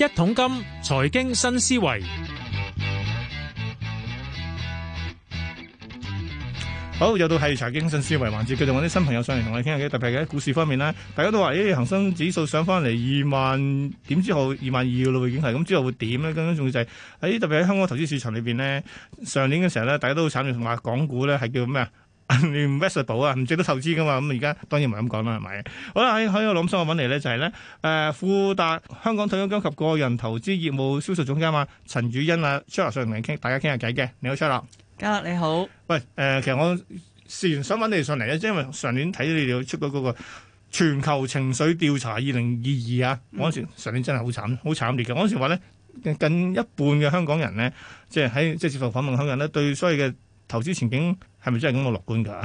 一桶金財經新思維，好又到係財經新思維環節，繼續揾啲新朋友上嚟同你傾下嘅特別嘅股市方面咧，大家都話誒恒生指數上翻嚟二萬點之後二萬二嘅咯，已經係咁之後會點咧？更加重要就係、是、喺特別喺香港投資市場裏邊咧，上年嘅時候咧，大家都炒同話港股咧係叫咩啊？你唔啊，唔 值得投資噶嘛？咁而家當然唔係咁講啦，係咪？好啦，喺喺個諗想我揾嚟咧，就係、是、咧，誒、呃、富達香港退休金及個人投資業務銷售總監啊。陳宇昕啊 Charles 上嚟傾，大家傾下偈嘅，你好 Charles。Charles 你好。喂，誒、呃，其實我事然想揾你哋上嚟啊，因為上年睇到你哋出咗嗰個全球情緒調查二零二二啊，我嗰時上年真係好慘，好慘烈嘅。我當時話咧，近一半嘅香港人呢，即係喺即係接受訪問香港人呢，對所有嘅投資前景。係咪真係咁樂觀噶？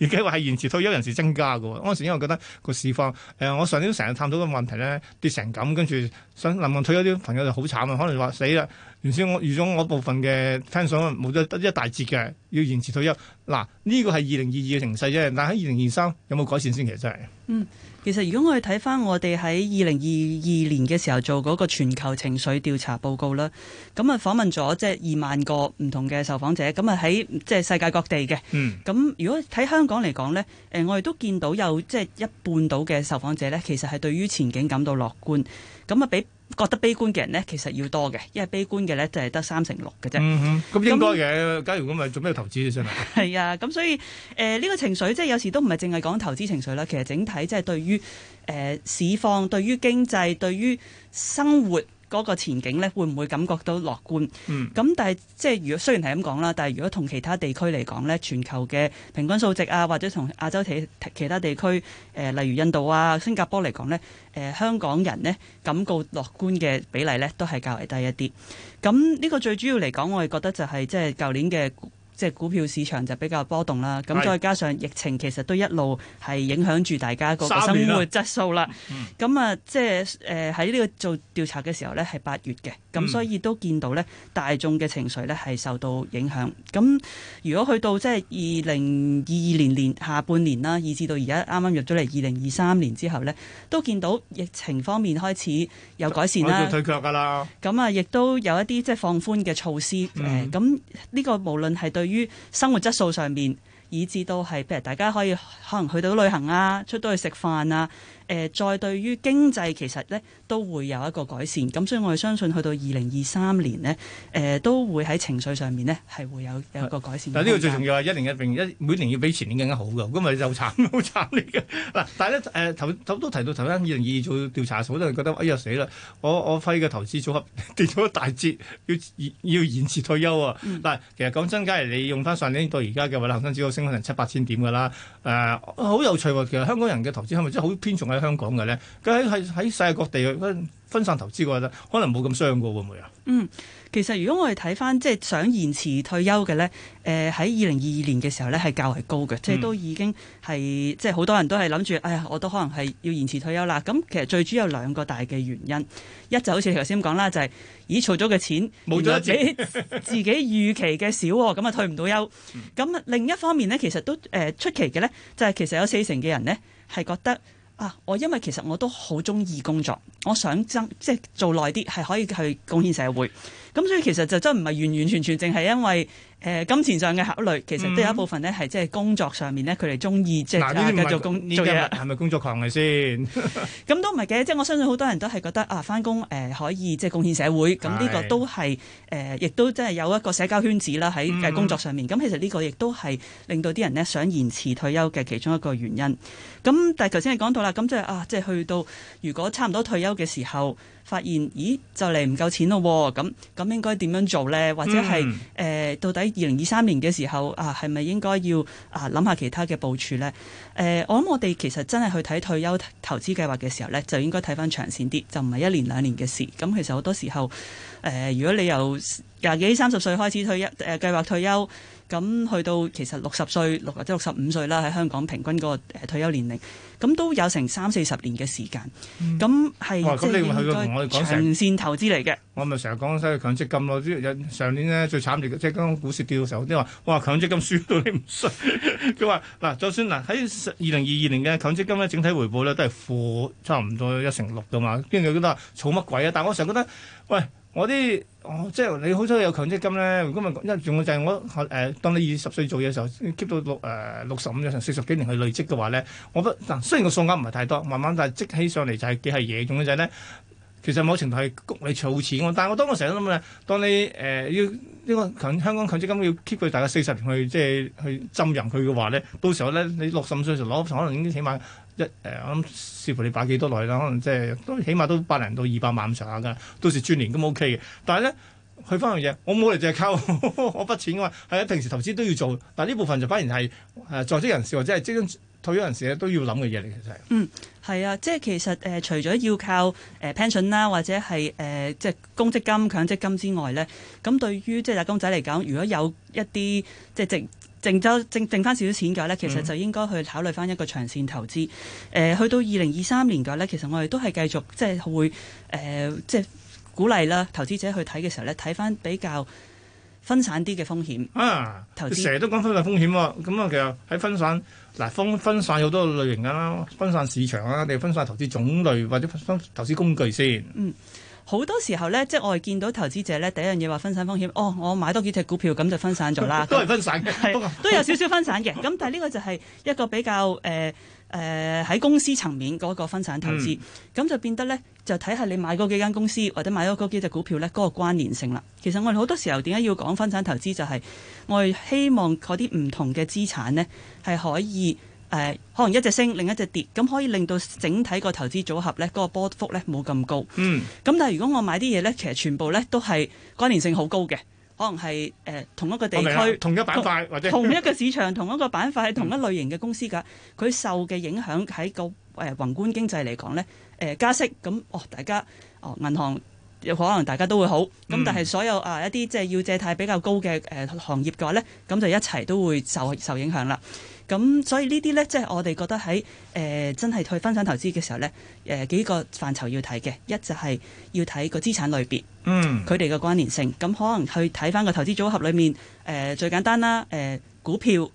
而家話係延遲退休人士增加噶，我成日覺得個市況，誒、呃，我上年都成日探討個問題咧跌成咁，跟住想臨臨退休啲朋友就好慘啊，可能話死啦。原先我預咗我部分嘅聽想冇咗得一大截嘅，要延遲退休。嗱，呢個係二零二二嘅情勢啫，但喺二零二三有冇改善先？其實真係。嗯。其實，如果我哋睇返我哋喺二零二二年嘅時候做嗰個全球情緒調查報告啦，咁啊訪問咗即係二萬個唔同嘅受訪者，咁啊喺即係世界各地嘅，咁如果喺香港嚟講呢，誒、呃、我哋都見到有即係一半到嘅受訪者呢，其實係對於前景感到樂觀，咁啊俾，覺得悲觀嘅人咧，其實要多嘅，因為悲觀嘅咧就係得三成六嘅啫。咁、嗯嗯、應該嘅。那假如咁咪做咩投資先啊？係啊，咁所以誒呢、呃這個情緒即係有時都唔係淨係講投資情緒啦。其實整體即係對於誒、呃、市況、對於經濟、對於生活。嗰個前景呢，會唔會感覺到樂觀？咁、嗯、但係即係如果雖然係咁講啦，但係如果同其他地區嚟講呢，全球嘅平均數值啊，或者同亞洲其，其他地區，誒、呃、例如印度啊、新加坡嚟講呢，誒、呃、香港人呢感到樂觀嘅比例呢都係較為低一啲。咁呢個最主要嚟講，我哋覺得就係、是、即係舊年嘅。即係股票市場就比較波動啦，咁是再加上疫情其實都一路係影響住大家個生活質素啦。咁啊，即係誒喺呢個做調查嘅時候咧，係八月嘅。咁、嗯、所以都見到咧，大眾嘅情緒咧係受到影響。咁如果去到即係二零二二年年下半年啦，以至到而家啱啱入咗嚟二零二三年之後咧，都見到疫情方面開始有改善啦。退卻㗎啦！咁啊、嗯，亦都有一啲即係放寬嘅措施誒。咁呢、嗯呃這個無論係對於生活質素上面，以至到係譬如大家可以可能去到旅行啊，出到去食飯啊。誒，再對於經濟其實咧都會有一個改善，咁所以我哋相信去到二零二三年呢，誒、呃、都會喺情緒上面呢係會有有一個改善。嗱，呢個最重要係一零一零一每年要比前年更加好嘅，咁咪就慘好慘嚟嘅。嗱，但係咧誒，頭，頭都提到頭先二零二二做調查，好多人都覺得哎呀死啦，我我揮嘅投資組合跌咗一大截，要延要延遲退休啊！嗱、嗯，其實講真，假如你用翻上年到而家嘅話，恒生指數升翻成七八千點㗎啦。誒、呃，好有趣喎、啊，其實香港人嘅投資係咪真係好偏重？香港嘅咧，佢喺喺世界各地分散投資嘅話咧，可能冇咁傷嘅，會唔會啊？嗯，其實如果我哋睇翻即係想延遲退休嘅咧，誒喺二零二二年嘅時候咧係較為高嘅，即係都已經係即係好多人都係諗住，哎呀，我都可能係要延遲退休啦。咁其實最主要有兩個大嘅原因，一就好似你頭先講啦，就係、是、咦儲咗嘅錢冇咗自己 自己預期嘅少喎、哦，咁啊退唔到休。咁另一方面咧，其實都誒、呃、出奇嘅咧，就係、是、其實有四成嘅人咧係覺得。啊！我因為其實我都好中意工作。我想爭，即係做耐啲，係可以去貢獻社會。咁所以其實就真唔係完完全全淨係因為誒、呃、金錢上嘅考慮，其實都有一部分咧係即係工作上面咧佢哋中意即係嗱，呢啲、嗯、繼續工作嘅係咪工作狂嚟先？咁 都唔係嘅，即係我相信好多人都係覺得啊，翻工誒可以即係貢獻社會，咁呢個都係誒亦都即係有一個社交圈子啦喺嘅工作上面。咁、嗯、其實呢個亦都係令到啲人咧想延遲退休嘅其中一個原因。咁但係頭先係講到啦，咁即係啊，即係去到如果差唔多退休。嘅時候，發現咦就嚟唔夠錢咯咁咁應該點樣做呢？或者係誒、嗯呃、到底二零二三年嘅時候啊，係咪應該要啊諗下其他嘅部署呢？誒、呃，我諗我哋其實真係去睇退休投資計劃嘅時候呢，就應該睇翻長線啲，就唔係一年兩年嘅事。咁、嗯呃、其實好多時候誒、呃，如果你由廿幾三十歲開始退休誒、呃，計劃退休咁、呃、去到其實六十歲六即係六十五歲啦，喺香港平均嗰個退休年齡，咁都有成三四十年嘅時間，咁、呃、係、呃我哋講成線投資嚟嘅，我咪成日講嗰啲強積金咯。啲有上年呢，最慘烈，即係剛剛股市跌嘅時候，啲人話：哇，強積金輸到你唔信。佢 話：嗱，就算嗱喺二零二二年嘅強積金呢，整體回報呢都係負差唔多一成六噶嘛。跟住佢都話：儲乜鬼啊？但係我成日覺得，喂，我啲哦，即係你好彩有強積金呢。」如果咪，因為仲有就係我誒、呃，當你二十歲做嘢嘅時候，keep 到六誒六十五嘅成四十幾年去累積嘅話呢，我覺得嗱，雖然個數額唔係太多，慢慢但係積起上嚟就係幾係嘢。仲有就係、是、呢。其實某程度係谷你儲錢嘅，但係我當我成日諗嘅，當你誒、呃、要呢個香港強積金要 keep 佢大概四十年去即係去浸入佢嘅話咧，到時候咧你六十五歲嘅時候攞，可能已經起碼一誒、呃，我諗視乎你擺幾多耐啦，可能即係都起碼都百零到二百萬上下㗎。到時轉年都 OK 嘅，但係咧去翻樣嘢，我冇嚟淨係靠我筆錢嘅嘛，係啊，平時投資都要做，但係呢部分就反而係在職人士或者係即退休人士都要諗嘅嘢嚟，其實。嗯。係啊，即係其實誒、呃，除咗要靠誒 pension 啦，呃、 或者係誒、呃、即係公積金、強積金之外咧，咁對於即係打工仔嚟講，如果有一啲即係淨淨咗淨淨翻少少錢嘅話咧，其實就應該去考慮翻一個長線投資。誒、呃，去到二零二三年嘅話咧，其實我哋都係繼續即係會誒、呃、即係鼓勵啦，投資者去睇嘅時候咧，睇翻比較，分散啲嘅風險啊！成日資都講分散風險喎，咁啊其實喺分散嗱，分分散好多類型噶啦，分散市場啊，定分散投資種類，或者分散投資工具先。嗯。好多時候呢，即係我哋見到投資者呢，第一樣嘢話分散風險。哦，我買多幾隻股票，咁就分散咗啦。都係分散嘅， 都有少少分散嘅。咁 但係呢個就係一個比較誒誒喺公司層面嗰個分散投資，咁、嗯、就變得呢，就睇下你買嗰幾間公司或者買咗嗰幾隻股票呢，嗰、嗰個關聯性啦。其實我哋好多時候點解要講分散投資，就係、係、我哋希望嗰啲唔同嘅資產呢，係可以。誒，可能一隻升，另一隻跌，咁可以令到整體個投資組合咧，嗰、那個波幅咧冇咁高。嗯。咁但係如果我買啲嘢咧，其實全部咧都係關聯性好高嘅，可能係誒、呃、同一個地區、哦、同一板塊同或者同一個市場、 同一個板塊係同一類型嘅公司㗎。佢受嘅影響喺個誒、呃、宏觀經濟嚟講咧，誒、呃、加息，咁、嗯、哦大家哦銀行可能大家都會好，咁、嗯、但係所有啊一啲即係要借貸比較高嘅誒、呃、行業嘅話咧，咁就一齊都會受受影響啦。咁所以呢啲呢，即係我哋覺得喺誒真係去分散投資嘅時候呢，誒幾個範疇要睇嘅。一就係要睇個資產類別，嗯，佢哋嘅關聯性。咁可能去睇返個投資組合裏面誒最簡單啦，誒股票、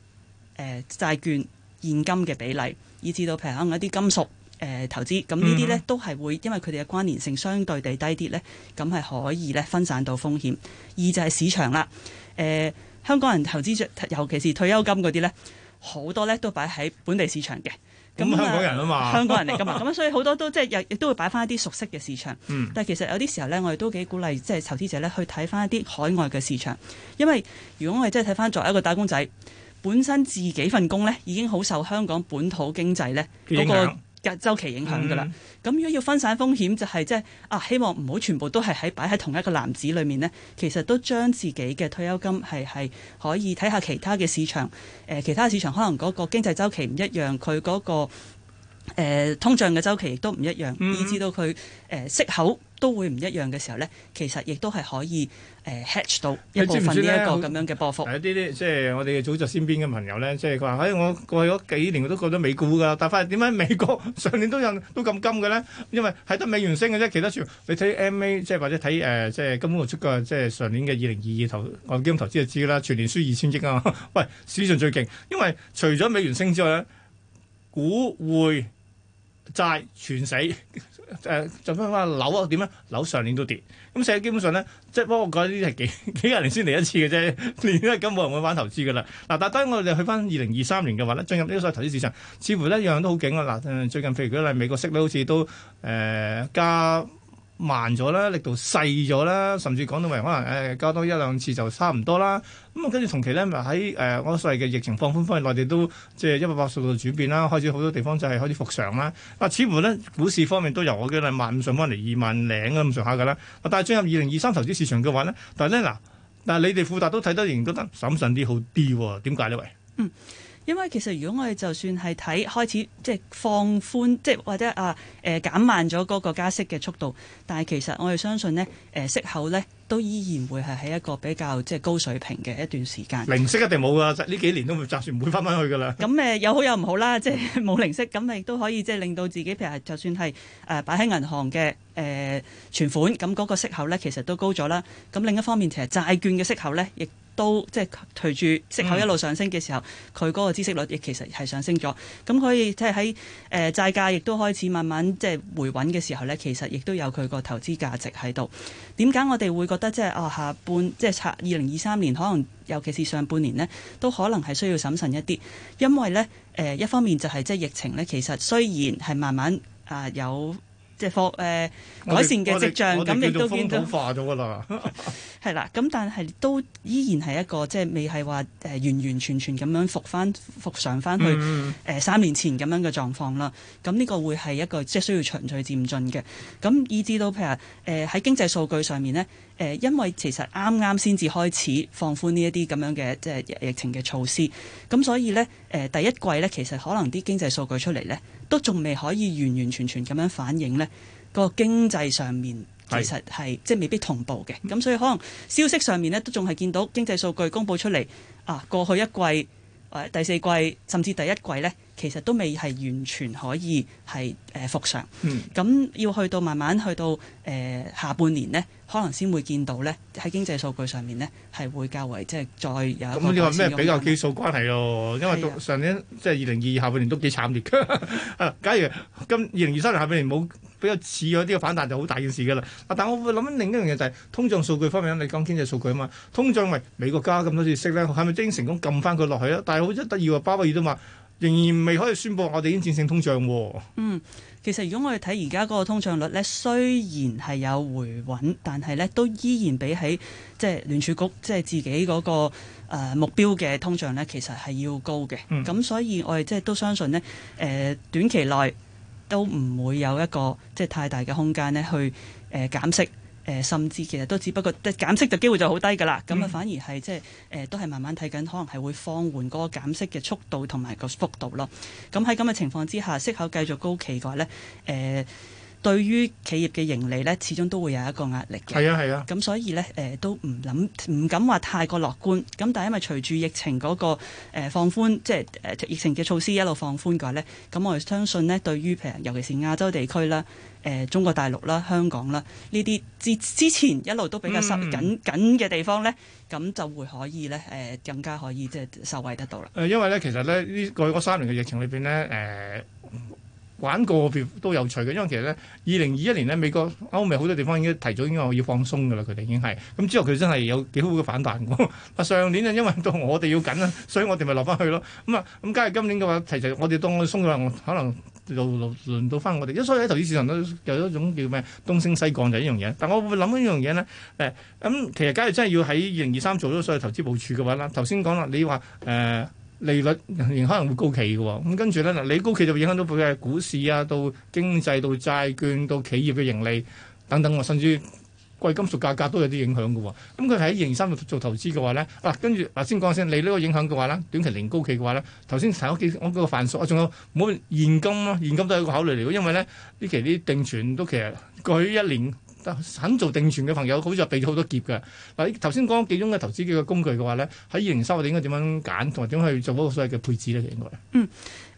誒債券、現金嘅比例，以至到譬如可能一啲金屬誒投資。咁呢啲呢，都係會因為佢哋嘅關聯性相對地低啲呢，咁係可以呢分散到風險。二就係市場啦，誒香港人投資，尤其是退休金嗰啲呢。好多咧都擺喺本地市場嘅，咁、嗯、樣香港人啊嘛，香港人嚟噶嘛，咁 所以好多都即係亦都會擺翻一啲熟悉嘅市場，嗯、但係其實有啲時候咧，我哋都幾鼓勵即係投資者咧去睇翻一啲海外嘅市場，因為如果我哋即係睇翻作為一個打工仔，本身自己份工咧已經好受香港本土經濟咧嗰、那個。嘅週期影響㗎啦，咁如果要分散風險，就係即係啊，希望唔好全部都係喺擺喺同一個籃子裏面呢，其實都將自己嘅退休金係係可以睇下其他嘅市場，誒、呃、其他市場可能嗰個經濟週期唔一樣，佢嗰、嗰個、呃、通脹嘅周期亦都唔一樣，嗯、以至到佢誒、呃、息口。都會唔一樣嘅時候咧，其實亦都係可以誒 hatch 到一部分呢一個咁樣嘅波幅。有啲啲，即係我哋嘅祖籍身邊嘅朋友咧，即係佢話誒，我過去幾年，我都過咗美股噶，但係發現點解美國上年都有都咁金嘅咧？因為係得美元升嘅啫，其他全部你睇 MA，即係或者睇誒，即係金管局出個即係上年嘅二零二二投按基金投資就知啦，全年輸二千億啊！喂，史上最勁，因為除咗美元升之外咧，股匯債全死。誒，就譬如話樓啊，點咧？樓上年都跌，咁所以基本上呢，即係不過我覺得呢啲係幾幾廿年先嚟一次嘅啫。年年都冇人會玩投資嘅啦。嗱、啊，但當然我哋去翻二零二三年嘅話呢，進入呢個所謂投資市場，似乎呢樣樣都好勁啊！嗱、呃，最近譬如舉例美國息率好似都誒、呃、加。慢咗啦，力度細咗啦，甚至講到為可能誒、呃、交多一兩次就差唔多啦。咁、嗯、啊，跟住同期咧咪喺誒我所謂嘅疫情放寬方面，內地都即係一百八十度轉變啦，開始好多地方就係開始復常啦。啊，似乎咧股市方面都由我記得萬五上翻嚟二萬零咁上下㗎啦。但係進入二零二三投資市場嘅話咧，但係咧嗱，但係你哋富達都睇得仍然覺得審慎啲好啲喎、哦？點解呢？喂。嗯。因為其實如果我哋就算係睇開始即係放寬，即、就、係、是、或者啊誒減、呃、慢咗嗰個加息嘅速度，但係其實我哋相信呢誒、呃、息口咧都依然會係喺一個比較即係高水平嘅一段時間。零息一定冇㗎，呢幾年都暫時唔會翻翻去㗎啦。咁誒、呃、有好有唔好啦，即係冇零息，咁亦都可以即係令到自己譬如就算係誒擺喺銀行嘅誒、呃、存款，咁嗰個息口咧其實都高咗啦。咁另一方面，其實債券嘅息口咧亦，都即係隨住息口一路上升嘅時候，佢嗰個知識率亦其實係上升咗。咁佢以即係喺誒債價亦都開始慢慢即係回穩嘅時候呢，其實亦都有佢個投資價值喺度。點解我哋會覺得即係哦，下半即係二零二三年，可能尤其是上半年呢，都可能係需要審慎一啲，因為呢，誒、呃、一方面就係、是、即係疫情呢，其實雖然係慢慢啊、呃、有。即係復改善嘅跡象，咁亦們都見到，係 啦，咁但係都依然係一個即係未係話誒完完全全咁樣復翻復上翻去誒、嗯呃、三年前咁樣嘅狀況啦。咁呢個會係一個即係、就是、需要循序漸進嘅。咁以至都譬如誒喺、呃、經濟數據上面咧。誒，因為其實啱啱先至開始放寬呢一啲咁樣嘅即係疫情嘅措施，咁所以呢，誒、呃，第一季呢，其實可能啲經濟數據出嚟呢，都仲未可以完完全全咁樣反映呢、呢個經濟上面其實係是即係未必同步嘅，咁所以可能消息上面呢，都仲係見到經濟數據公佈出嚟啊，過去一季或第四季甚至第一季呢。其實都未係完全可以係誒、呃、復常，咁、嗯、要去到慢慢去到誒、呃、下半年呢，可能先會見到呢。喺經濟數據上面呢，係會較為即係再有、嗯。咁你話咩比較基數關係咯？是啊、因為上年即係二零二二下半年都幾慘烈，呵呵，假如今二零二三年下半年冇比較似咗啲嘅反彈，就好大件事㗎啦。但係我會諗另一樣嘢就係通脹數據方面，你講經濟數據啊嘛，通脹咪美國加咁多次息咧，係咪已經成功撳翻佢落去啊？但係好得意啊，鮑威爾都話。仍然未可以宣布我哋已經戰勝通脹喎、哦。嗯，其實如果我哋睇而家嗰個通脹率呢，雖然係有回穩，但係呢都依然比起即係聯儲局即係自己嗰、那個、呃、目標嘅通脹呢，其實係要高嘅。咁、嗯、所以我哋即係都相信呢，誒、呃、短期內都唔會有一個即係太大嘅空間呢去誒減、呃、息。誒、呃、甚至其實都只不過，即、呃、係減息嘅機會就好低㗎啦。咁啊、嗯，反而係即係誒，都係慢慢睇緊，可能係會放緩嗰個減息嘅速度同埋個幅度咯。咁喺咁嘅情況之下，息口繼續高企嘅話咧，誒、呃。對於企業嘅盈利呢，始終都會有一個壓力嘅。係啊，係啊。咁、嗯、所以呢，誒、呃、都唔諗，唔敢話太過樂觀。咁但係因為隨住疫情嗰、那個、呃、放寬，即係誒、呃、疫情嘅措施一路放寬嘅話咧，咁、嗯、我哋相信呢，對於譬如，尤其是亞洲地區啦、誒、呃、中國大陸啦、香港啦呢啲之之前一路都比較收、嗯、緊緊嘅地方呢，咁就會可以呢，誒、呃、更加可以即係受惠得到啦。因為呢，其實呢，呢過去三年嘅疫情裏邊呢。誒、呃。呃呃玩過變都有趣嘅，因為其實呢，二零二一年呢，美國歐美好多地方已經提早已經話要放鬆嘅啦，佢哋已經係。咁之後佢真係有幾好嘅反彈喎。 上年咧，因為到我哋要緊啦，所以我哋咪落翻去咯。咁、嗯、啊，咁、嗯、假如今年嘅話，其實我哋當我哋鬆嘅話，可能又輪到翻我哋。所以喺投資市場都有一種叫咩東升西降就係呢樣嘢。但係我會諗呢樣嘢呢，誒、嗯、咁其實假如真係要喺二零二三做咗所有投資部署嘅話啦。頭先講啦，你話誒。呃利率仍可能會高企嘅、哦，咁跟住咧嗱，你高企就影響到佢嘅股市啊，到經濟、到債券、到企業嘅盈利等等，甚至貴金屬價格價都有啲影響嘅、哦。咁佢喺二三月做投資嘅話咧，嗱、啊、跟住嗱先講先，你呢個影響嘅話咧，短期零高企嘅話咧，頭先談咗幾，我講個範疇啊，仲有冇現金啊？現金都係一個考慮嚟嘅，因為呢，呢期啲定存都其實過去一年。肯做定存嘅朋友，好似係避咗好多劫嘅。嗱，你頭先講幾種嘅投資嘅工具嘅話咧，喺營收或者我哋應該點樣揀，同埋點去做嗰個所謂嘅配置咧，應該嗯、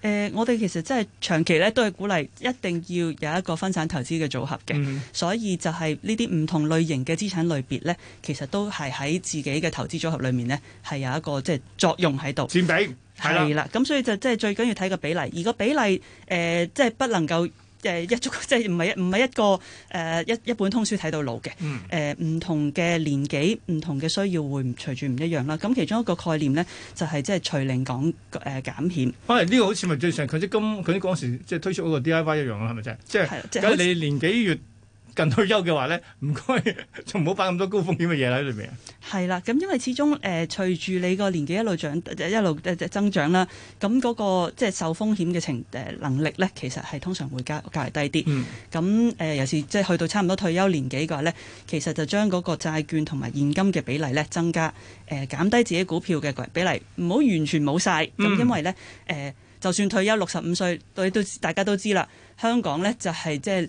呃、我哋其實真係長期咧都係鼓勵一定要有一個分散投資嘅組合嘅，嗯、所以就係呢啲唔同類型嘅資產類別咧，其實都係喺自己嘅投資組合裏面呢，係有一個即係、就是、作用喺度。占比係啦，咁所以就即係最緊要睇個比例，而個比例誒，即、呃、係、就是、不能夠。誒、呃、一足，即係唔係唔係一個誒、呃、一一本通書睇到老嘅。誒唔同嘅年紀唔同嘅需要會隨住唔一樣啦。咁、嗯、其中一個概念咧就係即係隨齡講誒減險。可能呢、啊這個好似咪最常佢即今，佢啲嗰時即係推出嗰個 DIY 一樣啦，係咪啫？即係睇你年紀越。近退休嘅話咧，唔該，就唔好擺咁多高風險嘅嘢喺裏面。係啦，咁因為始終誒、呃、隨住你個年紀一路長，一路增長啦。咁嗰、嗰個即係受風險嘅情誒能力咧，其實係通常會加較低啲。咁誒尤其即係去到差唔多退休年紀嘅話咧，其實就將嗰個債券同埋現金嘅比例咧增加，誒、呃、減低自己股票嘅比例，唔好完全冇晒。咁、嗯、因為咧誒、呃，就算退休六十五歲，對都大家都知啦，香港咧就係、是、即係。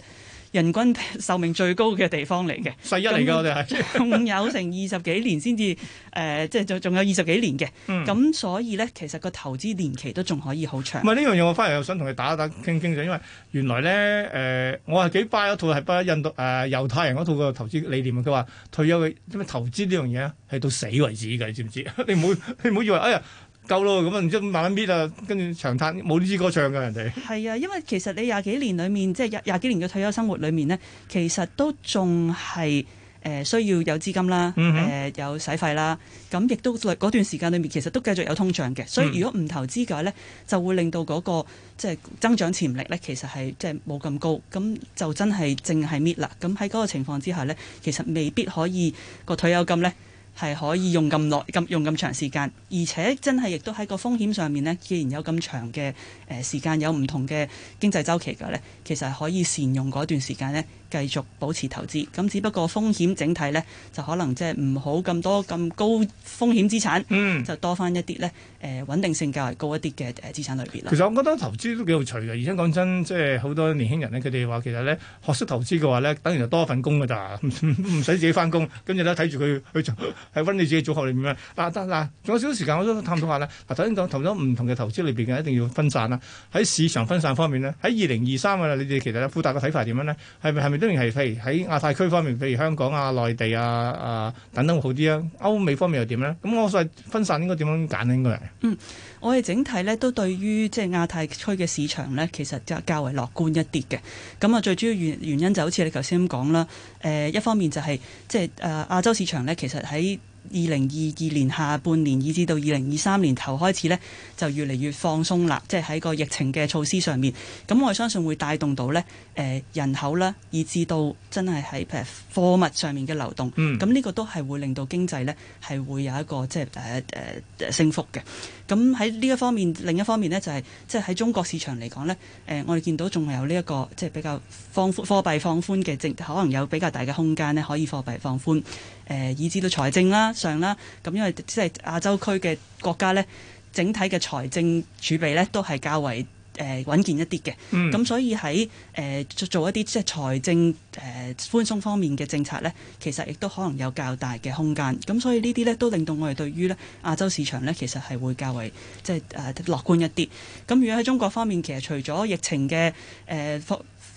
人均壽命最高嘅地方嚟嘅，世一嚟㗎，我哋係仲有成二十幾年先至，誒、 呃，即係仲仲有二十幾年嘅。咁、嗯、所以咧，其實個投資年期都仲可以好長。唔係呢樣嘢，我翻嚟又想同你打一打，傾傾就，因為原來咧，誒、呃，我係幾拜一套係拜印度誒、呃、猶太人嗰套嘅投資理念啊。佢話退休嘅咩投資呢樣嘢啊，係到死為止㗎，你知唔知？ 你唔好你唔好以為哎呀～夠咯，咁啊唔知慢慢搣啊，跟住長嘆冇呢支歌唱嘅人哋。係啊，因為其實你廿幾年裡面，即係廿廿幾年嘅退休生活裡面呢，其實都仲係誒需要有資金啦，誒、嗯哼呃、有使費啦。咁亦都嗰段時間裡面，其實都繼續有通脹嘅。所以如果唔投資嘅話呢，就會令到嗰、嗰個即係、就是、增長潛力呢，其實係即係冇咁高。咁就真係淨係搣啦。咁喺嗰個情況之下呢，其實未必可以、嗰個退休金呢。係可以用咁耐咁用咁長時間，而且真係亦都喺個風險上面呢，既然有咁長嘅誒時間，有唔同嘅經濟周期嘅呢，其實係可以善用嗰段時間呢，繼續保持投資。咁只不過風險整體呢，就可能即係唔好咁多咁高風險資產，嗯、就多翻一啲呢誒穩定性較為高一啲嘅誒資產類別啦。其實我覺得投資都幾有趣嘅，而且講真，即係好多年輕人呢，佢哋話其實呢，學識投資嘅話呢，等於就多一份工㗎咋，唔 使自己翻工，跟住呢，睇住佢去做。喺揾你自己組合裏邊咧，得、啊、嗱，仲、啊、有少少時間，我都探討下啦。嗱，頭先講投咗唔同嘅投資裏邊嘅，一定要分散啦。喺市場分散方面呢，喺二零二三嘅啦，你哋其實富達嘅睇法點樣呢？係咪係咪都係譬如喺亞太區方面，譬如香港啊、內地啊啊等等會好啲啊？歐美方面又點呢？咁我再分散應該點樣揀咧、啊？應該係嗯，我哋整體呢，都對於即係亞太區嘅市場呢，其實就較為樂觀一啲嘅。咁啊，最主要原原因就好似你頭先咁講啦。誒、呃，一方面就係即係誒亞洲市場呢，其實喺二零二二年下半年以至到二零二三年頭開始呢，就越嚟越放鬆啦，即係喺個疫情嘅措施上面。咁我相信會帶動到呢誒、呃、人口啦，以至到真係喺誒貨物上面嘅流動。咁呢、嗯、個都係會令到經濟呢，係會有一個即係誒誒升幅嘅。咁喺呢一方面，另一方面呢，就係即係喺中國市場嚟講呢，誒、呃，我哋見到仲係有呢、這、一個即係、就是、比較放貨幣放寬嘅，即可能有比較大嘅空間呢，可以貨幣放寬誒、呃，以至到財政啦上啦，咁因為即係亞洲區嘅國家呢，整體嘅財政儲備呢，都係較為，誒穩健一啲嘅，咁、嗯、所以喺誒做一啲即係財政誒寬鬆方面嘅政策呢，其實亦都可能有較大嘅空間。咁所以呢啲呢，都令到我哋對於呢亞洲市場呢，其實係會較為即係誒樂觀一啲。咁如果喺中國方面，其實除咗疫情嘅誒。呃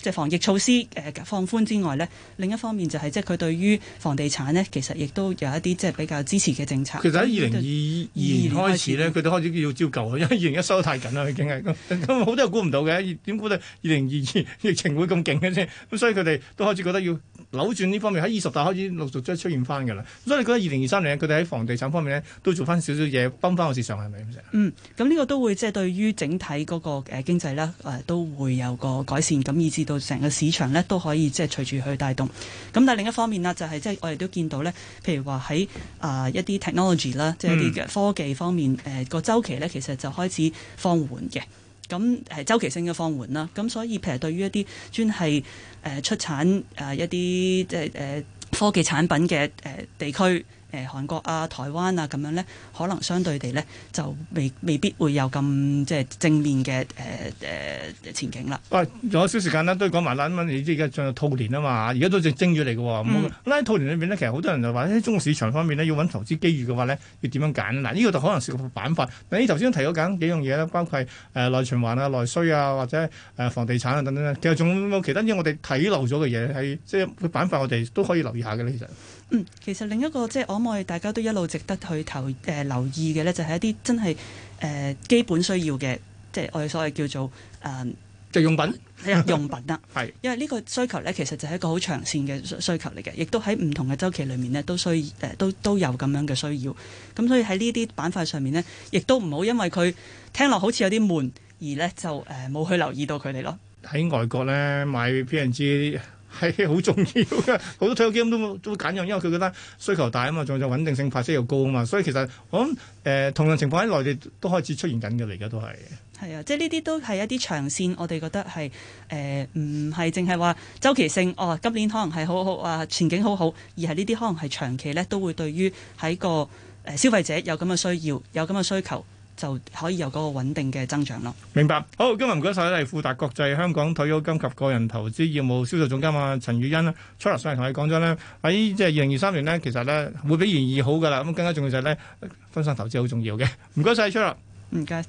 即係防疫措施誒、呃、放寬之外咧，另一方面就係、是、即係佢對於房地產咧，其實亦都有一啲即係比較支持嘅政策。其實喺二零二二年開始咧，佢都開，開始要招救，因為二零一收得太緊啦，已經係咁。咁好多人估唔到嘅，點估到二零二二疫情會咁勁嘅啫？咁所以佢哋都開始覺得要。扭轉呢方面喺二十大開始陸續即係出現翻嘅啦，所以你覺得二零二三年佢哋喺房地產方面呢都做翻少少嘢，崩翻個市場係咪咁？嗯，咁呢個都會即係、就是、對於整體嗰個誒經濟呢、呃、都會有個改善，咁以至到成個市場呢，都可以即係隨住去帶動。咁但係另一方面呢就係、是、即係我哋都見到呢，譬如話喺啊一啲 technology 啦，即係一啲科技方面誒個周期呢，其實就開始放緩嘅。咁誒週期性嘅放緩啦，咁所以譬如對於一啲專係誒出產誒一啲即係誒科技產品嘅誒地區。誒、呃、韓國啊、台灣啊咁樣咧，可能相對地咧就未未必會有咁即係正面嘅誒誒前景啦。喂，仲有少時間啦，都要講埋啦。咁啊，你知而家進入兔年啊嘛，而家都正正月嚟嘅。咁喺、嗯、兔年裏面咧，其實好多人就話咧，中國市場方面咧要揾投資機遇嘅話咧，要點樣揀？嗱，呢個就可能係個板塊。但你頭先提咗揀幾樣嘢啦，包括誒、呃、內循環啊、內需啊，或者誒、呃、房地產啊等等。其實仲有冇其他啲我哋睇漏咗嘅嘢，係即係個板塊，我哋都可以留意下嘅咧。其實。嗯，其實另一個即係我諗，我哋大家都一路值得去投誒、呃、留意嘅咧，就係、是、一啲真係誒、呃、基本需要嘅，即係我哋所謂叫做誒日、呃、用品，啊、用品啦。係 是，因為呢個需求咧，其實就係一個好長線嘅需求嚟嘅，亦都喺唔同嘅周期裏面咧，都需誒都、呃、都有咁樣嘅需要。咁、嗯、所以喺呢啲板塊上面咧，亦都唔好因為佢聽落好似有啲悶，而咧就誒冇、呃、去留意到佢哋咯。喺外國咧買 P&G。係好重要嘅，好多退休基金都都會揀用，因為佢覺得需求大啊嘛，仲有穩定性派息又高啊嘛，所以其實我諗誒、呃、同樣情況喺內地都開始出現緊嘅，嚟而家都係。係啊，即係呢啲都係一啲長線，我哋覺得係誒唔係淨係話周期性哦，今年可能係好好啊，前景好好，好而係呢啲可能係長期咧都會對於喺個誒消費者有咁嘅需要，有咁嘅需求。就可以有嗰個穩定嘅增長咯。明白，好，今日唔該曬，係富達國際香港退休金及個人投資業務銷售總監啊，陳宇昕啊，初立上嚟同你講咗呢。喺即係二零二三年呢，其實呢會比盈二好噶啦。咁更加重要就係呢，分散投資好重要嘅。唔該晒，初立。唔該。